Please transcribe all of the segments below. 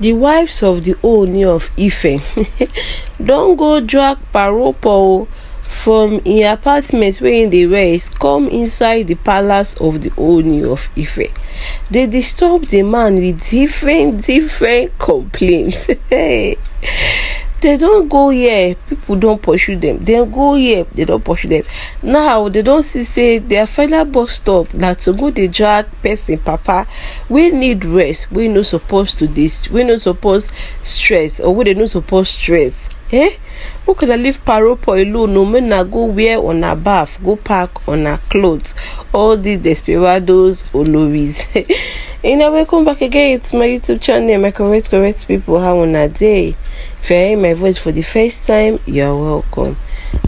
the wives of the Ooni of Ife don go drag Paropo from im apartment wey im dey rest come inside the palace of the Ooni of Ife dey disturb the man with different different complaints they don't go here people don pursue them They go here they don pursue them now they don't see say their final bus stop na to go dey drag person papa wey need rest wey no suppose to dey wey no suppose stress or wey dey no suppose stress eh make una leave paropo alone o make una go wear una baff go pack una clothes. all these desperados oloris una welcome back again to my youtube channel my correct correct people how una dey. If you're hearing my voice for the first time, you're welcome.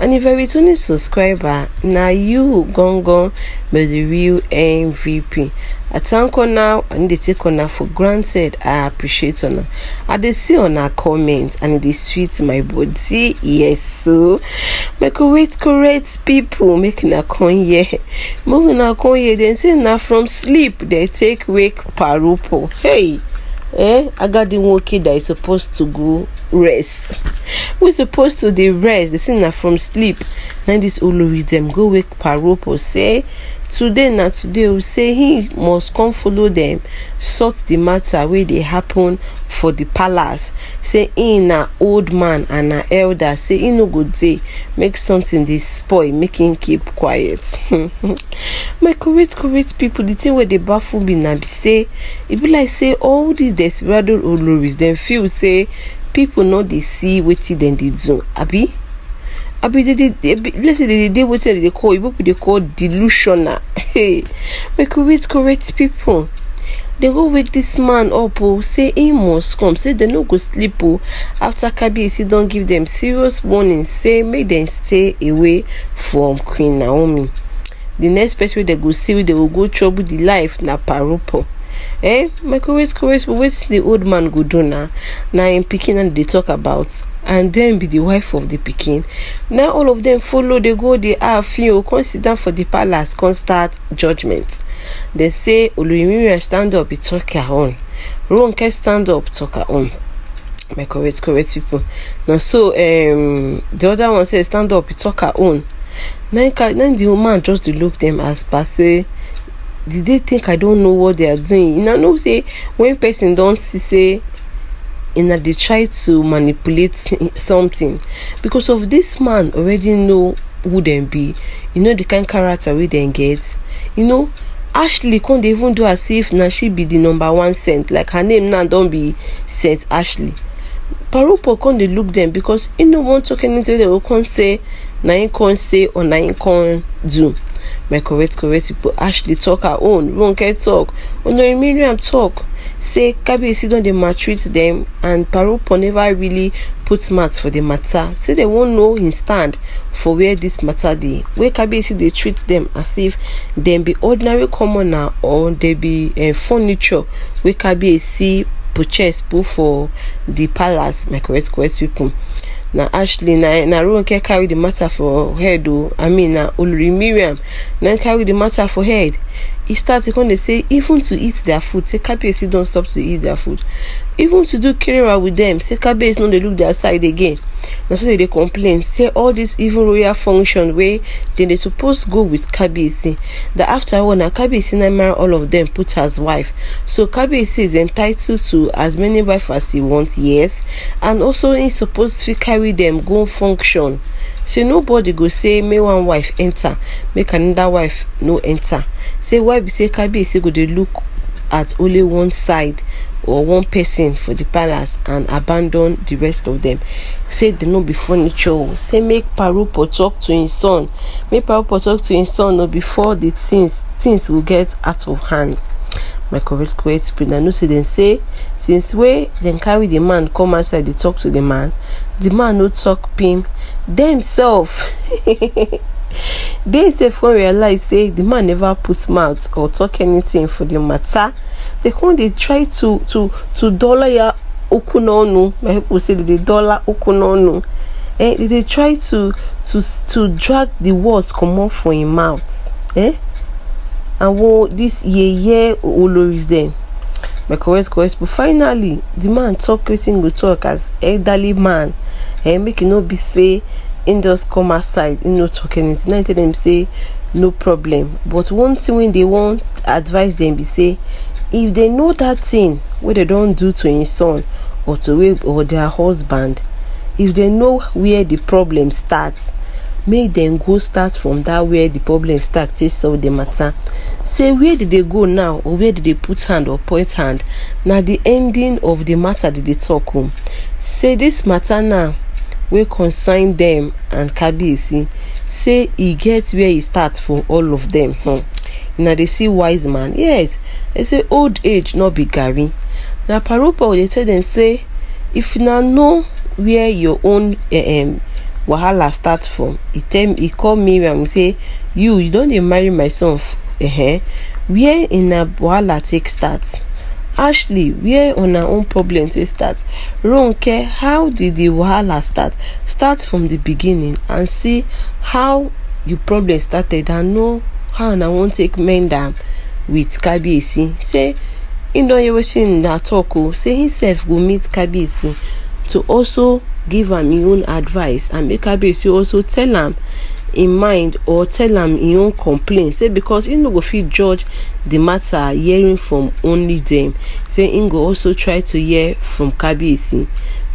And if you're a returning subscriber, now you gone gone by the real MVP. I thank you now and they take on for granted. I appreciate on I they see on our comments and they sweet my body. Yes, so make wait correct people make na con yeah. Move na con yeah, then say na from sleep they take wake parupo. Hey, eh, I got the monkey that is supposed to go rest we supposed to the rest the thing na from sleep Now this olori dem go wake paropo say today Now today we say he must come follow them, sort the matter where they happen for the palace say he na old man and a elder say he no good dey make something this spoil make him keep quiet my correct correct people the thing where they baffle me now be say it e be like say all these desperado oloris dem feel say people no dey see wetin dem dey do abi abi dey dey let's say dey dey wetin dem dey call oyibo people dey call delusional hey make we wait correct people dem go wake dis man up o oh, say im must come say dem no go sleep o oh, afta kabiyesi don give dem serious warning say make dem stay away from queen naomi di next person wey dem go see wey dem go go trouble di life na paropo eh michael wait wait wait the old man go do na na him pikin na dey talk about and then be the wife of the pikin now all of them follow dey go the aafin o come sit down for the palace come start judgement they say oluyinriya stand up he talk her own ronke stand up talk her own my correct correct people na so um, the other one say stand up he talk her own na the woman just dey look them as per say did they think i don't know what they are doing You know say when person don't see say know, they try to manipulate something because of this man already know who dem be you know the kind character wey then get you know ashley come dey even do as if na she be the number one sent. like her name now don't be sent ashley paropo come they look them, because you e know, one talking anything wey dem go say now you come say or now you come do My correct, correct people. Ashley talk her own. Ronke talk. Onori Miriam talk. Say Kabiyesi don dey maltreat dem and Paropo never really put mouth for the matter. Say they won't know him stand for where this matter dey. Where Kabiyesi dey treat dem as if dem be ordinary commoner or they be uh, furniture wey Kabiyesi purchase put for the palace. My correct, correct people na ashley na na ronke carry the matter for head o oh, i mean na olori miriam na carry the matter for head e start e come dey say even to eat their food say kabiyesi don stop to eat their food even to do kerewa with them say kabiyesi no dey look their side again na so dem dey complain say all this even royal function wey dem dey suppose go with kabiyesi that after all na kabiyesi na marry all of dem put as wife so kabiyesi is entitled to as many wife as he want yes and also he suppose fit carry dem go function say nobody go say make one wife enter make another wife no enter say why be say kabiyesi go dey look at only one side or one person for the palace and abandon the rest of them say they no be furniture say make parupo talk to him son make parupo talk to him son o before the things things go get out of hand my correct correct president no say dem say since wey dem carry the man come outside dey talk to the man the man no talk pim dem sef They say phone realize say the man never put mouth or talk anything for the matter. They come they try to to to dollar ya okunonu. My people say the dollar okunonu. Eh, they try to to to drag the words come off from him mouth. Eh? And well, this yeye oloris them. my correct correct but finally the man talk wetin we talk as elderly man eh, make e no be say him just come outside him no talk anything i tell dem say no problem but one thing when they wan advise them, be say if they know that thing what they don't do to his son or to wey or their husband if they know where the problem starts, make dem go start from that where the problem starts. take solve the matter say where did they go now or where did they put hand or point hand Now the ending of the matter did they talk o say this matter now wey concern dem and kabiyesi say e get where e start for all of dem um una dey see wise man yes dem say old age no be garri na parole dey tell dem say if una know where your own um, wahala start from e tell e call miriam say you you don dey marry my son uh eh, -huh. Eh, where una wahala take start Ashley, where on her own problem to start? Ronke, how did the wahala start? Start from the beginning and see how the problem started and know how una wan take mend am with Kabiyesi. Say, im don hear wetin una talk o, say himself go meet Kabiyesi to also give am im own advice and make Kabiyesi also tell am im mind or tell am im own complain say because im no go fit judge di matter hearing from only dem say im go also try to hear from kabiyesi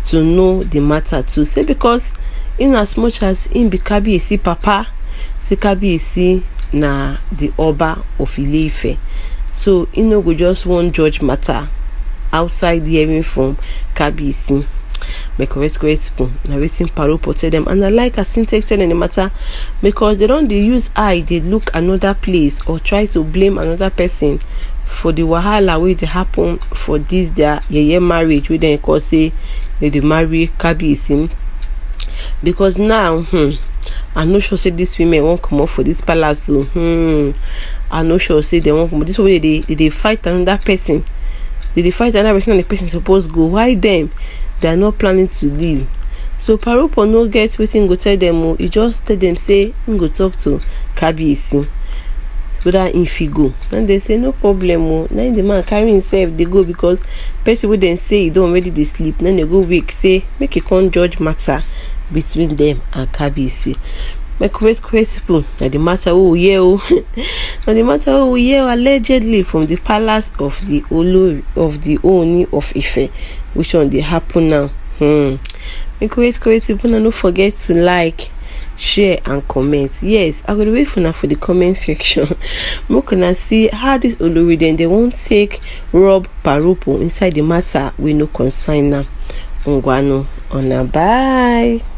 to know di matter too say because in as much as im be kabiyesi papa say kabiyesi na di oba of ile so im no go just wan judge matter outside hearing from kabiyesi bekoresikoresiko na wetin paro portray dem and i like as im take tell dem the matter because they don dey use eye dey look another place or try to blame another person for the wahala wey dey happen for this their yeye marriage wey dem call say they dey marry kabiyesi because now hmm, i no sure say these women wan comot for this palace o oh, hmm, i no sure say dem wan comot this one wey dey dey fight another person dey dey fight another person and the person suppose go why dem they are not planning to leave so paropo no get wetin go tell them. o e just tell them say im go talk to kabiyesi whether im fit go then they say no problem o na the man carry himself dey go because person wey dem say e don already dey sleep Then they go wake say make e come judge matter between them and kabiyesi my Chris Crespo, Nadimatta Oyeo, Nadimatta Oyeo allegedly from the palace of the Olori of the Ooni of Ife, which one dey happen now. Hmm. My Chris Crespo, no forget to like, share and comment. Yes, I will wait for now for the comment section. Make una see how this Olori dem dey wan take rub Parupo inside the matter wey no concern am. Ngwanu, una bye.